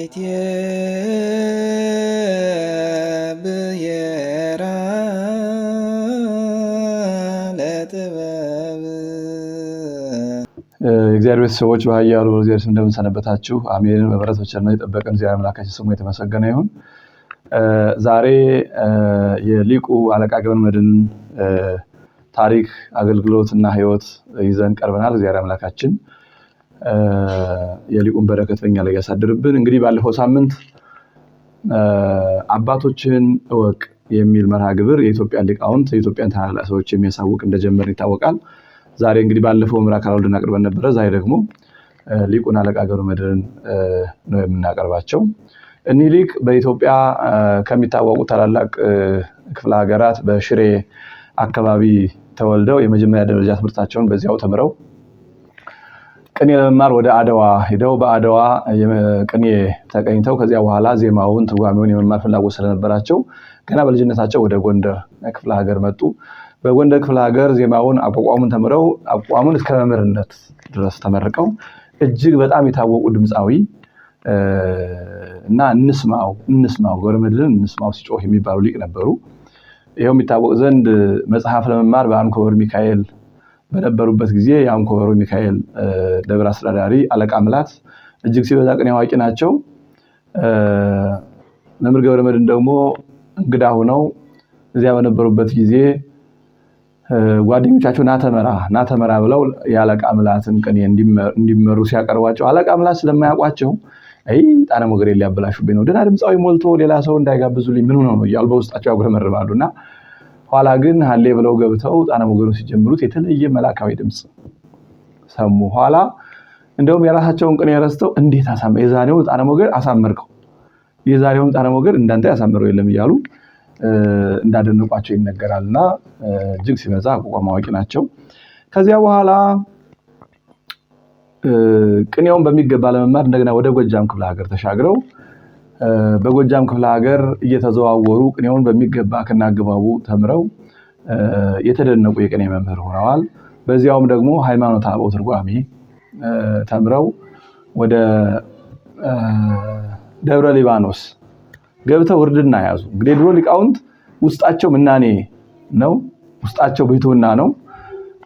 ይትብየራ ለጥበብ የእግዚአብሔር ቤተሰቦች በኃያሉ እግዚአብሔር ስም እንደምንሰነበታችሁ አሜን። በበረቶችና የጠበቀን እግዚአብሔር አምላካችን ስሙ የተመሰገነ ይሁን። ዛሬ የሊቁ አለቃ ገብረመድኅን ታሪክ አገልግሎትና ሕይወት ይዘን ቀርበናል። እግዚአብሔር አምላካችን የሊቁን በረከት በኛ ላይ ያሳድርብን። እንግዲህ ባለፈው ሳምንት አባቶችን እወቅ የሚል መርሃ ግብር የኢትዮጵያ ሊቃውንት የኢትዮጵያን ታላላቅ ሰዎች የሚያሳውቅ እንደጀመርን ይታወቃል። ዛሬ እንግዲህ ባለፈው ምራ ካላወልድን አቅርበን ነበረ። ዛሬ ደግሞ ሊቁን አለቃ ገብረ መድኅን ነው የምናቀርባቸው። እኒህ ሊቅ በኢትዮጵያ ከሚታወቁ ታላላቅ ክፍለ ሀገራት በሽሬ አካባቢ ተወልደው የመጀመሪያ ደረጃ ትምህርታቸውን በዚያው ተምረው ቅኔ ለመማር ወደ አድዋ ሄደው በአደዋ ቅኔ ተቀኝተው ከዚያ በኋላ ዜማውን ትርጓሜውን የመማር ፍላጎት ስለነበራቸው ገና በልጅነታቸው ወደ ጎንደር ክፍለ ሀገር መጡ። በጎንደር ክፍለ ሀገር ዜማውን አቋቋሙን ተምረው አቋቋሙን እስከ መምህርነት ድረስ ተመርቀው እጅግ በጣም የታወቁ ድምፃዊ እና እንስማው እንስማው ገብረመድህን እንስማው ሲጮህ የሚባሉ ሊቅ ነበሩ። ይኸው የሚታወቅ ዘንድ መጽሐፍ ለመማር በአንኮበር ሚካኤል በነበሩበት ጊዜ የአንኮበሩ ሚካኤል ደብር አስተዳዳሪ አለቃ ምላት እጅግ ሲበዛ ቅኔ አዋቂ ናቸው። መምህር ገብረመድን ደግሞ እንግዳ ሆነው እዚያ በነበሩበት ጊዜ ጓደኞቻቸው ናተመራ ናተመራ ብለው የአለቃ ምላትን ቅኔ እንዲመሩ ሲያቀርቧቸው አለቃ ምላት ስለማያውቋቸው አይ ጣነ ሞገሬ ሊያበላሹብኝ ነው፣ ደህና ድምፃዊ ሞልቶ ሌላ ሰው እንዳይጋብዙልኝ ምን ሆነው ነው እያሉ በውስጣቸው ያጉረመርባሉ እና ኋላ ግን ሀሌ ብለው ገብተው ጣና ሞገዱ ሲጀምሩት የተለየ መላካዊ ድምፅ ሰሙ። ኋላ እንደውም የራሳቸውን ቅኔ ረስተው እንዴት የዛሬው ጣና ሞገድ አሳመርከው የዛሬውን ጣና ሞገድ እንዳንተ ያሳመረው የለም እያሉ እንዳደነቋቸው ይነገራል። እና እጅግ ሲበዛ አቋቋም አዋቂ ናቸው። ከዚያ በኋላ ቅኔውን በሚገባ ለመማር እንደገና ወደ ጎጃም ክፍለ ሀገር ተሻግረው በጎጃም ክፍለ ሀገር እየተዘዋወሩ ቅኔውን በሚገባ ከናግባቡ ተምረው የተደነቁ የቅኔ መምህር ሆነዋል። በዚያውም ደግሞ ሃይማኖተ አበው ትርጓሜ ተምረው ወደ ደብረ ሊባኖስ ገብተው እርድና ያዙ። እንግዲህ ድሮ ሊቃውንት ውስጣቸው ምናኔ ነው፣ ውስጣቸው ብሕትውና ነው።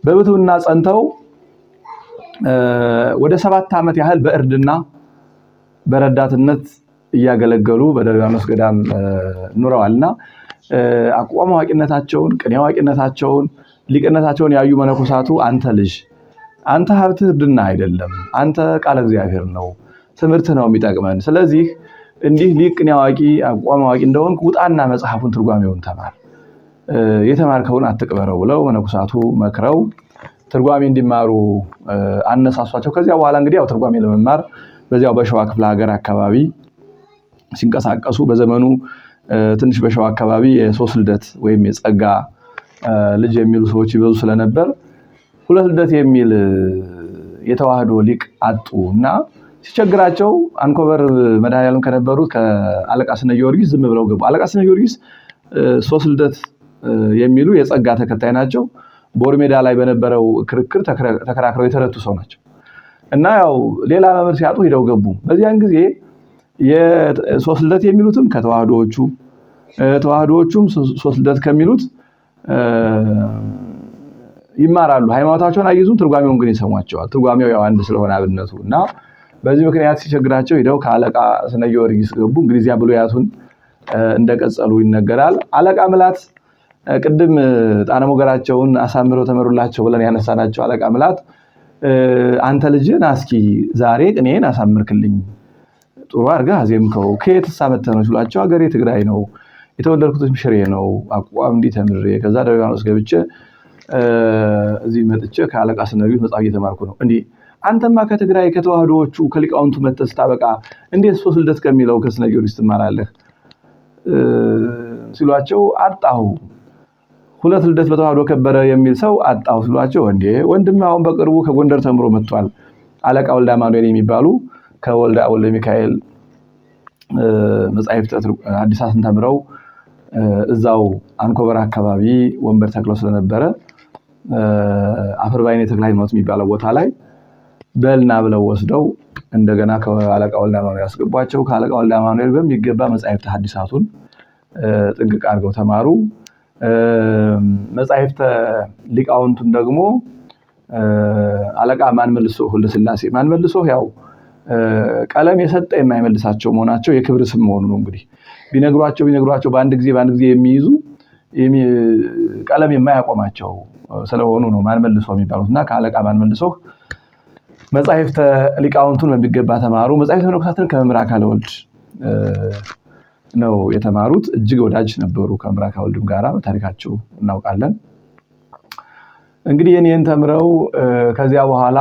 በብሕትውና ጸንተው ወደ ሰባት ዓመት ያህል በእርድና በረዳትነት እያገለገሉ በደብረዳኖስ ገዳም ኑረዋል እና አቋም አዋቂነታቸውን፣ ቅኔ አዋቂነታቸውን፣ ሊቅነታቸውን ያዩ መነኮሳቱ አንተ ልጅ አንተ ሀብትህ እርድና አይደለም፣ አንተ ቃለ እግዚአብሔር ነው፣ ትምህርት ነው የሚጠቅመን። ስለዚህ እንዲህ ሊቅ ቅኔ አዋቂ አቋም አዋቂ እንደሆን ውጣና መጽሐፉን ትርጓሜውን ተማር፣ የተማርከውን አትቅበረው ብለው መነኩሳቱ መክረው ትርጓሜ እንዲማሩ አነሳሷቸው። ከዚያ በኋላ እንግዲህ ያው ትርጓሜ ለመማር በዚያው በሸዋ ክፍለ ሀገር አካባቢ ሲንቀሳቀሱ በዘመኑ ትንሽ በሸዋ አካባቢ የሶስት ልደት ወይም የጸጋ ልጅ የሚሉ ሰዎች ይበዙ ስለነበር ሁለት ልደት የሚል የተዋህዶ ሊቅ አጡ እና ሲቸግራቸው አንኮበር መድኃኔዓለም ከነበሩት ከአለቃ ስነ ጊዮርጊስ ዝም ብለው ገቡ። አለቃ ስነ ጊዮርጊስ ሶስት ልደት የሚሉ የጸጋ ተከታይ ናቸው። ቦር ሜዳ ላይ በነበረው ክርክር ተከራክረው የተረቱ ሰው ናቸው እና ያው ሌላ መምህር ሲያጡ ሂደው ገቡ። በዚያን ጊዜ ሶስት ልደት የሚሉትም ከተዋህዶዎቹ ተዋህዶዎቹም ሶስት ልደት ከሚሉት ይማራሉ። ሃይማኖታቸውን አይዙም፣ ትርጓሜውን ግን ይሰሟቸዋል። ትርጓሜው ያው አንድ ስለሆነ አብነቱ እና በዚህ ምክንያት ሲቸግራቸው ሄደው ከአለቃ ስነ ጊዮርጊስ ገቡ። እንግዲህ እዚያ ብሉያቱን እንደቀጸሉ ይነገራል። አለቃ ምላት ቅድም ጣነ ሞገራቸውን አሳምረው ተመሩላቸው ብለን ያነሳናቸው አለቃ ምላት አንተ ልጅን አስኪ ዛሬ ቅኔን አሳምርክልኝ ጥሩ አድርገህ አዜምከው። ከየትስ አመተህ ነው ሲሏቸው ሀገሬ ትግራይ ነው የተወለድኩትም ሽሬ ነው። አቋም እንዲህ ተምሬ ከዛ ደብረ ሊባኖስ ገብቼ እዚህ መጥቼ ከአለቃ ስነቢት መጽሐፍ እየተማርኩ ነው። እንዲህ አንተማ ከትግራይ ከተዋህዶዎቹ ከሊቃውንቱ መጥተህ ስታበቃ እንዴት ሶስት ልደት ከሚለው ከስነ ጊዮርጊስ ትማራለህ ሲሏቸው አጣሁ ሁለት ልደት በተዋህዶ ከበረ የሚል ሰው አጣሁ ሲሏቸው፣ እንዴ ወንድም አሁን በቅርቡ ከጎንደር ተምሮ መጥቷል። አለቃ ወልደ አማኑኤል የሚባሉ ከወልደ ወልደ ሚካኤል መጽሐፍ ፍጥረት አዲሳትን ተምረው እዛው አንኮበር አካባቢ ወንበር ተክለው ስለነበረ አፈርባይኔ ተክለ ሃይማኖት የሚባለው ቦታ ላይ በልና ብለው ወስደው እንደገና ከአለቃ ወልደ አማኑኤል ያስገቧቸው። ከአለቃ ወልደ አማኑኤል በሚገባ መጽሐፍተ ሐዲሳቱን ጥንቅቅ አድርገው ተማሩ። መጽሐፍተ ሊቃውንቱን ደግሞ አለቃ ማንመልሶ ሁለስላሴ ማንመልሶ ያው ቀለም የሰጠ የማይመልሳቸው መሆናቸው የክብር ስም መሆኑ ነው። እንግዲህ ቢነግሯቸው ቢነግሯቸው በአንድ ጊዜ በአንድ ጊዜ የሚይዙ ቀለም የማያቆማቸው ስለሆኑ ነው ማንመልሶ የሚባሉት እና ከአለቃ ማንመልሶ መጻሕፍተ ሊቃውንቱን በሚገባ ተማሩ። መጻሕፍተ መነኮሳትን ከመምህር አካለ ወልድ ነው የተማሩት። እጅግ ወዳጅ ነበሩ ከመምህር አካለ ወልድም ጋራ በታሪካቸው እናውቃለን። እንግዲህ የኔን ተምረው ከዚያ በኋላ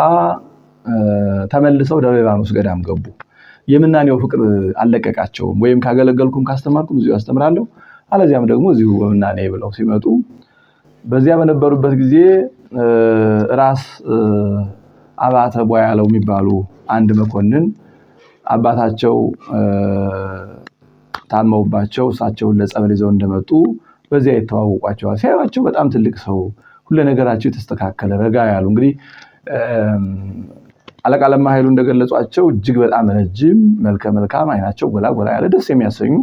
ተመልሰው ደብረ ሊባኖስ ገዳም ገቡ። የምናኔው ፍቅር አልለቀቃቸውም። ወይም ካገለገልኩም ካስተማርኩም እዚሁ አስተምራለሁ አለዚያም ደግሞ እዚሁ ምናኔ ብለው ሲመጡ በዚያ በነበሩበት ጊዜ ራስ አባተ ቧ ያለው የሚባሉ አንድ መኮንን አባታቸው ታመውባቸው እሳቸውን ለጸበል ይዘው እንደመጡ በዚያ ይተዋወቋቸዋል። ሲያዩቸው በጣም ትልቅ ሰው፣ ሁለ ነገራቸው የተስተካከለ ረጋ ያሉ እንግዲህ አለቃ ለማ ኃይሉ እንደገለጿቸው እጅግ በጣም ረጅም መልከ መልካም አይናቸው ጎላ ጎላ ያለ ደስ የሚያሰኙ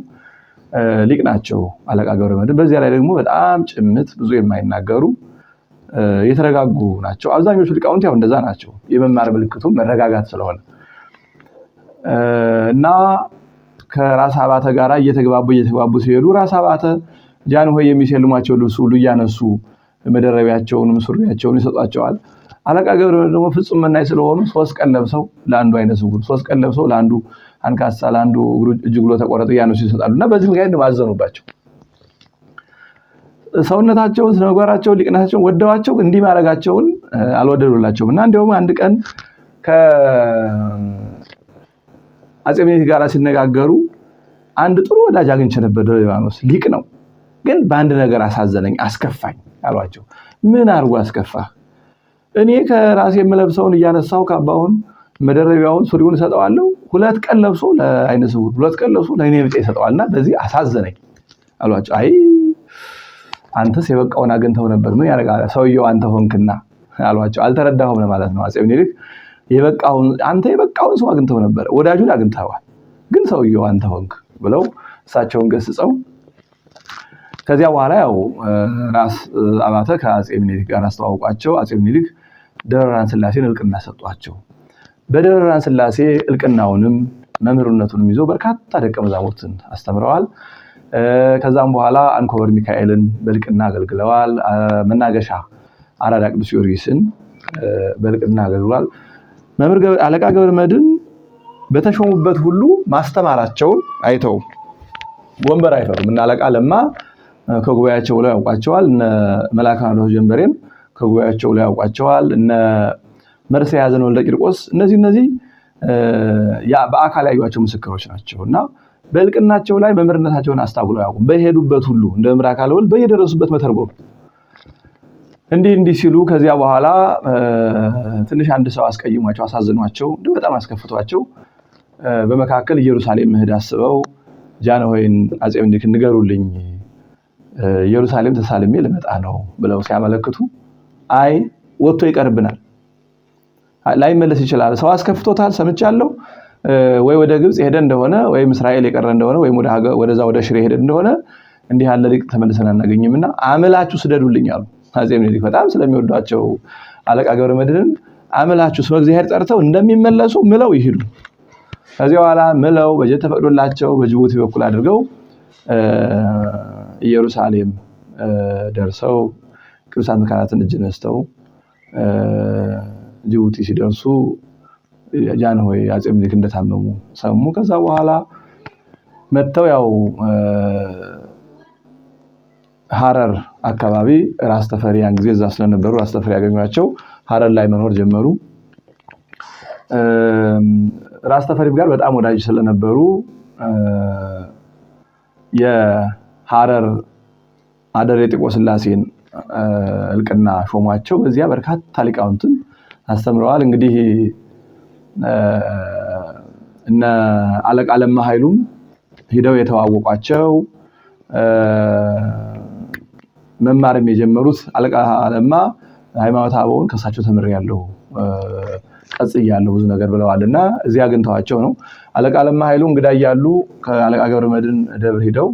ሊቅ ናቸው አለቃ ገብረመድህን። በዚያ ላይ ደግሞ በጣም ጭምት ብዙ የማይናገሩ የተረጋጉ ናቸው። አብዛኞቹ ሊቃውንት ያው እንደዛ ናቸው። የመማር ምልክቱ መረጋጋት ስለሆነ እና ከራስ አባተ ጋር እየተግባቡ እየተግባቡ ሲሄዱ ራስ አባተ ጃንሆይ የሚሸልሟቸው ልብስ ሁሉ እያነሱ መደረቢያቸውን ሱሪያቸውን ይሰጧቸዋል። አለቃ ገብረመድህን ደግሞ ፍጹም መናኝ ስለሆኑ ሶስት ቀን ለብሰው ለአንዱ አይነ ስውር፣ ሶስት ቀን ለብሰው ለአንዱ አንካሳ፣ ለአንዱ እጅ እጅግሎ ተቆረጠ እያነሱ ይሰጣሉ እና በዚህ ምክንያት አዘኑባቸው። ሰውነታቸውን፣ ስነጓራቸውን፣ ሊቅነታቸውን ወደዋቸው እንዲህ ማድረጋቸውን አልወደዱላቸውም እና እንዲሁም አንድ ቀን ከአፄ ምኒልክ ጋር ሲነጋገሩ አንድ ጥሩ ወዳጅ አግኝቼ ነበር ደብረ ሊባኖስ ሊቅ ነው፣ ግን በአንድ ነገር አሳዘነኝ፣ አስከፋኝ አሏቸው። ምን አድርጎ አስከፋህ? እኔ ከራሴ የምለብሰውን እያነሳው ካባውን መደረቢያውን ሱሪውን እሰጠዋለሁ። ሁለት ቀን ለብሶ ለአይነ ስውር፣ ሁለት ቀን ለብሶ ለእኔ ብጤ ይሰጠዋልና በዚህ አሳዘነኝ አሏቸው። አይ አንተስ የበቃውን አግኝተው ነበር፣ ምን ያደርጋል ሰውየው አንተ ሆንክና አሏቸው። አልተረዳሁም ለማለት ነው አፄ ምኒልክ። አንተ የበቃውን ሰው አግኝተው ነበር፣ ወዳጁን አግኝተዋል፣ ግን ሰውየው አንተ ሆንክ ብለው እሳቸውን ገስጸው ከዚያ በኋላ ያው ራስ አባተ ከአፄ ምኒልክ ጋር አስተዋውቋቸው አጼ ምኒልክ ደብረብርሃን ስላሴን እልቅና ሰጧቸው። በደብረብርሃን ስላሴ እልቅናውንም መምህርነቱንም ይዞ በርካታ ደቀ መዛሙርትን አስተምረዋል። ከዛም በኋላ አንኮበር ሚካኤልን በልቅና አገልግለዋል። መናገሻ አራዳ ቅዱስ ጊዮርጊስን በልቅና አገልግሏል። መምህር አለቃ ገብረ መድን በተሾሙበት ሁሉ ማስተማራቸውን አይተው ወንበር አይፈሩም እና አለቃ ለማ ከጉባኤያቸው ብለው ያውቋቸዋል። መላካ ጀንበሬም ከጉባኤያቸው ላይ ያውቋቸዋል። እነ መርሴ የያዘን ወልደ ቂርቆስ እነዚህ እነዚህ በአካል ያዩቸው ምስክሮች ናቸው እና በእልቅናቸው ላይ መምህርነታቸውን አስታውለው ያውቁም። በሄዱበት ሁሉ እንደ መምህር አካል ወልድ በየደረሱበት መተርጎም እንዲህ እንዲህ ሲሉ ከዚያ በኋላ ትንሽ አንድ ሰው አስቀይሟቸው፣ አሳዝኗቸው፣ እንዲህ በጣም አስከፍቷቸው በመካከል ኢየሩሳሌም መሄድ አስበው ጃንሆይን አፄ ምኒልክ ንገሩልኝ ኢየሩሳሌም ተሳልሜ ልመጣ ነው ብለው ሲያመለክቱ አይ ወጥቶ ይቀርብናል። ላይመለስ ይችላል። ሰው አስከፍቶታል ሰምቻለሁ። ወይ ወደ ግብፅ ሄደ እንደሆነ ወይም እስራኤል የቀረ እንደሆነ ወይም ወደዛ ወደ ሽሬ ሄደ እንደሆነ እንዲህ ያለ ሊቅ ተመልሰን አናገኝም እና አምላችሁ ስደዱልኝ አሉ። አፄ ምኒልክ በጣም ስለሚወዷቸው አለቃ ገብረ መድኅንን አምላችሁ ስመ እግዚአብሔር ጠርተው እንደሚመለሱ ምለው ይሄዱ። ከዚህ በኋላ ምለው በጀት ተፈቅዶላቸው በጅቡቲ በኩል አድርገው ኢየሩሳሌም ደርሰው ቅዱሳን መካናትን እጅ ነስተው ጅቡቲ ሲደርሱ ጃንሆይ አጼ ምኒልክ እንደታመሙ ሰሙ። ከዛ በኋላ መጥተው ያው ሀረር አካባቢ ራስ ተፈሪ ያን ጊዜ እዛ ስለነበሩ ራስ ተፈሪ ያገኟቸው ሀረር ላይ መኖር ጀመሩ። ራስ ተፈሪም ጋር በጣም ወዳጅ ስለነበሩ የሀረር አደሬ የጥቆ ስላሴን እልቅና ሾሟቸው። በዚያ በርካታ ሊቃውንትን አስተምረዋል። እንግዲህ እነ አለቃ ለማ ኃይሉም ሂደው የተዋወቋቸው መማርም የጀመሩት አለቃ ለማ ሃይማኖት አበውን ከሳቸው ተምሬያለሁ ቀጽ እያለሁ ብዙ ነገር ብለዋል እና እዚያ አግኝተዋቸው ነው። አለቃ ለማ ኃይሉ እንግዳ እያሉ ከአለቃ ገብረመድን ደብር ሂደው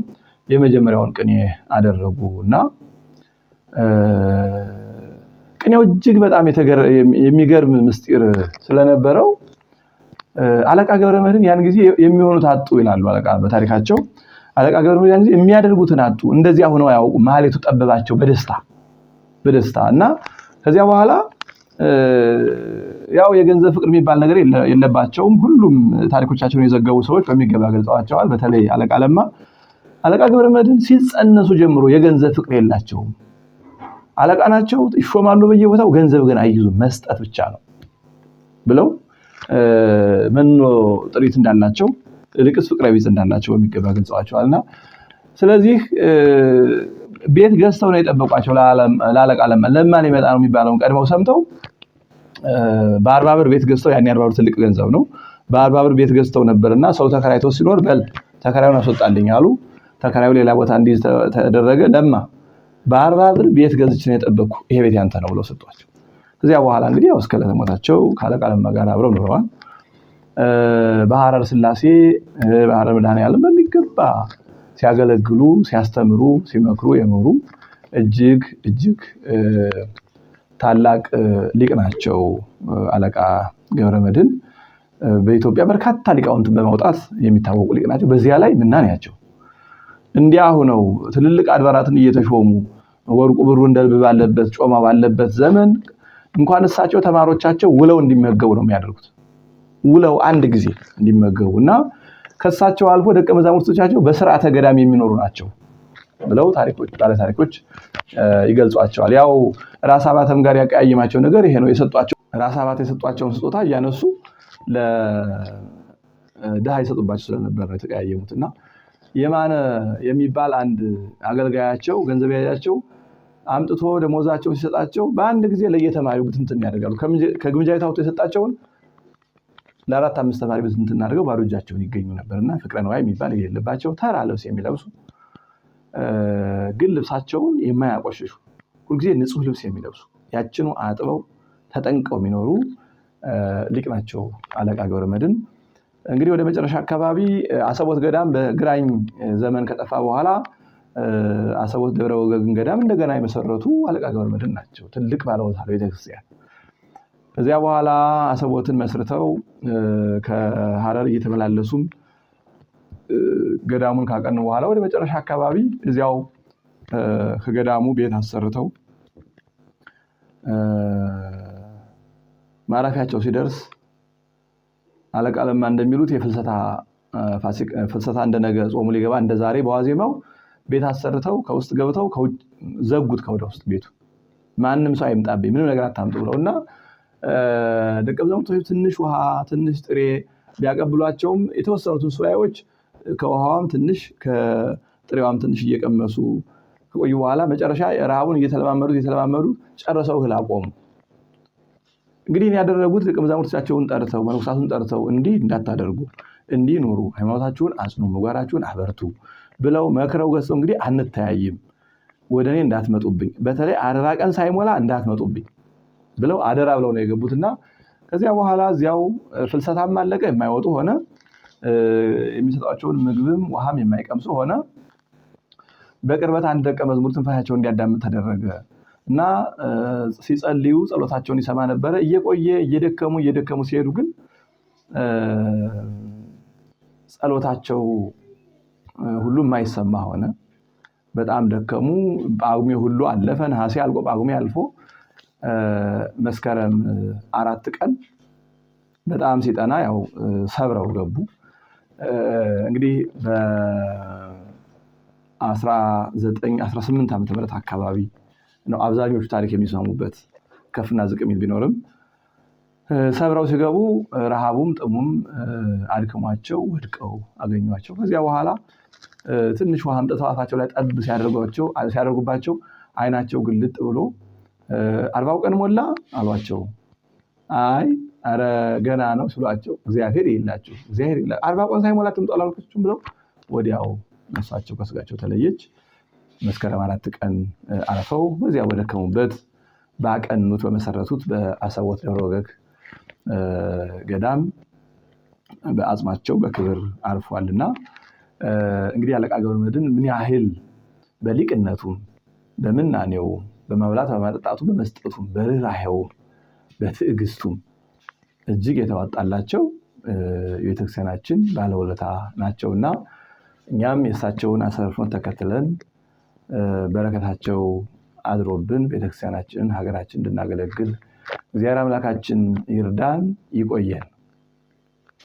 የመጀመሪያውን ቅኔ አደረጉ እና ቅኔው እጅግ በጣም የሚገርም ምስጢር ስለነበረው አለቃ ገብረመድህን ያን ጊዜ የሚሆኑት አጡ ይላሉ። አለቃ በታሪካቸው አለቃ ገብረመድህን ያን ጊዜ የሚያደርጉትን አጡ፣ እንደዚያ ሆነው አያውቁ። ማህሌቱ ጠበባቸው በደስታ በደስታ እና ከዚያ በኋላ ያው የገንዘብ ፍቅር የሚባል ነገር የለባቸውም። ሁሉም ታሪኮቻቸውን የዘገቡ ሰዎች በሚገባ ገልጸዋቸዋል። በተለይ አለቃ ለማ አለቃ ገብረመድህን ሲጸነሱ ጀምሮ የገንዘብ ፍቅር የላቸውም። አለቃ ናቸው፣ ይሾማሉ በየቦታው ገንዘብ ግን አይይዙም፣ መስጠት ብቻ ነው ብለው መኖ ጥሪት እንዳላቸው ልቅስ ፍቅረ ቤት እንዳላቸው በሚገባ ገልጸዋቸዋል። እና ስለዚህ ቤት ገዝተው ነው የጠበቋቸው ለአለቃ ለማ። ለማን ይመጣ ነው የሚባለውን ቀድመው ሰምተው በአርባ ብር ቤት ገዝተው ያኔ አርባ ብር ትልቅ ገንዘብ ነው። በአርባ ብር ቤት ገዝተው ነበርና ሰው ተከራይቶ ሲኖር በል ተከራዩን አስወጣልኝ አሉ። ተከራዩ ሌላ ቦታ እንዲህ ተደረገ። ለማ በአርባ ብር ቤት ገዝች ነው የጠበቅኩ፣ ይሄ ቤት ያንተ ነው ብለው ሰጧቸው። ከዚያ በኋላ እንግዲህ ያው እስከ ዕለተ ሞታቸው ከአለቃ ለማ ጋር አብረው ኑረዋል። በሐረር ስላሴ፣ በሐረር መድኃኔዓለም በሚገባ ሲያገለግሉ፣ ሲያስተምሩ፣ ሲመክሩ የኖሩ እጅግ እጅግ ታላቅ ሊቅ ናቸው። አለቃ ገብረ መድኅን በኢትዮጵያ በርካታ ሊቃውንትን በማውጣት የሚታወቁ ሊቅ ናቸው። በዚያ ላይ ምናንያቸው እንዲያ ሁነው ትልልቅ አድባራትን እየተሾሙ ወርቁ ብሩ እንደልብ ባለበት ጮማ ባለበት ዘመን እንኳን እሳቸው ተማሪዎቻቸው ውለው እንዲመገቡ ነው የሚያደርጉት። ውለው አንድ ጊዜ እንዲመገቡ እና ከእሳቸው አልፎ ደቀ መዛሙርቶቻቸው በስርዓተ ገዳም የሚኖሩ ናቸው ብለው ታሪኮች ባለታሪኮች ይገልጿቸዋል። ያው ራስ አባተም ጋር ያቀያየማቸው ነገር ይሄ ነው። የሰጧቸው ራስ የሰጧቸውን ስጦታ እያነሱ ለድሃ ይሰጡባቸው ስለነበር ነው የተቀያየሙት እና የማነ የሚባል አንድ አገልጋያቸው ገንዘብ ያያቸው አምጥቶ ደሞዛቸውን ሲሰጣቸው በአንድ ጊዜ ለየተማሪው ብትንትን ያደርጋሉ። ከግምጃ ቤት አውጥቶ የሰጣቸውን ለአራት አምስት ተማሪ ብትንትን አድርገው ባዶ እጃቸውን ይገኙ ነበርና ፍቅረ ነዋይ የሚባል የሌለባቸው ተራ ልብስ የሚለብሱ ግን ልብሳቸውን የማያቆሽሹ ሁልጊዜ ንጹህ ልብስ የሚለብሱ ያችኑ አጥበው ተጠንቀው የሚኖሩ ሊቅ ናቸው አለቃ መድን። እንግዲህ ወደ መጨረሻ አካባቢ አሰቦት ገዳም በግራኝ ዘመን ከጠፋ በኋላ አሰቦት ደብረ ወገግን ገዳም እንደገና የመሰረቱ አለቃ ገብረ መድን ናቸው። ትልቅ ባለውታ ቤተክርስቲያን። ከዚያ በኋላ አሰቦትን መስርተው ከሀረር እየተመላለሱም ገዳሙን ካቀኑ በኋላ ወደ መጨረሻ አካባቢ እዚያው ከገዳሙ ቤት አሰርተው ማረፊያቸው ሲደርስ አለቃ ለማ እንደሚሉት የፍልሰታ ፍልሰታ እንደነገ ጾሙ ሊገባ እንደዛሬ በዋዜማው ቤት አሰርተው ከውስጥ ገብተው ዘጉት ከወደ ውስጥ ቤቱ ማንም ሰው አይምጣብኝ ምንም ነገር አታምጡ ብለው እና ደቀ መዛሙርቶቹ ትንሽ ውሃ ትንሽ ጥሬ ቢያቀብሏቸውም የተወሰኑትን ሱባኤዎች ከውሃዋም ትንሽ ከጥሬዋም ትንሽ እየቀመሱ ከቆዩ በኋላ መጨረሻ ረሃቡን እየተለማመዱት እየተለማመዱ ጨረሰው እህል አቆሙ። እንግዲህ ያደረጉት ደቀ መዛሙርቶቻቸውን ጠርተው መነኮሳቱን ጠርተው እንዲህ እንዳታደርጉ፣ እንዲህ ኑሩ፣ ሃይማኖታችሁን አጽኑ፣ ምግባራችሁን አበርቱ ብለው መክረው ገጽው እንግዲህ አንተያይም፣ ወደ እኔ እንዳትመጡብኝ፣ በተለይ አርባ ቀን ሳይሞላ እንዳትመጡብኝ ብለው አደራ ብለው ነው የገቡት እና ከዚያ በኋላ እዚያው ፍልሰታም አለቀ። የማይወጡ ሆነ። የሚሰጧቸውን ምግብም ውሃም የማይቀምሱ ሆነ። በቅርበት አንድ ደቀ መዝሙር ትንፋሻቸውን እንዲያዳምጥ ተደረገ እና ሲጸልዩ ጸሎታቸውን ይሰማ ነበረ። እየቆየ እየደከሙ እየደከሙ ሲሄዱ ግን ጸሎታቸው ሁሉም የማይሰማ ሆነ። በጣም ደከሙ። ጳጉሜ ሁሉ አለፈ። ነሐሴ አልቆ ጳጉሜ አልፎ መስከረም አራት ቀን በጣም ሲጠና ያው ሰብረው ገቡ። እንግዲህ በ1918 ዓ ምህረት አካባቢ ነው አብዛኞቹ ታሪክ የሚሰሙበት ከፍና ዝቅ የሚል ቢኖርም ሰብረው ሲገቡ ረሃቡም ጥሙም አድክሟቸው ወድቀው አገኟቸው። ከዚያ በኋላ ትንሽ ውሃ አምጥተው አፋቸው ላይ ጠብ ሲያደርጉባቸው አይናቸው ግልጥ ብሎ አርባው ቀን ሞላ አሏቸው። አይ ኧረ ገና ነው ስሏቸው እግዚአብሔር የላችሁ እግዚአብሔር የላ አርባ ቀን ሳይሞላ ትምጡ አላልኳችሁም ብለው ወዲያው ነፍሳቸው ከስጋቸው ተለየች። መስከረም አራት ቀን አረፈው። በዚያ በደከሙበት ባቀኑት በመሰረቱት በአሳቦት ደብረ ወገግ ገዳም በአጽማቸው በክብር አርፏልና እንግዲህ አለቃ ገብረመድህን ምን ያህል በሊቅነቱም በምናኔው በመብላት በማጠጣቱ በመስጠቱም በርህራሄውም በትዕግስቱም እጅግ የተዋጣላቸው የቤተክርስቲያናችን ባለውለታ እና እኛም የእሳቸውን አሰርፍኖት ተከትለን በረከታቸው አድሮብን ቤተክርስቲያናችንን ሀገራችን እንድናገለግል እግዚአብሔር አምላካችን ይርዳን፣ ይቆየን።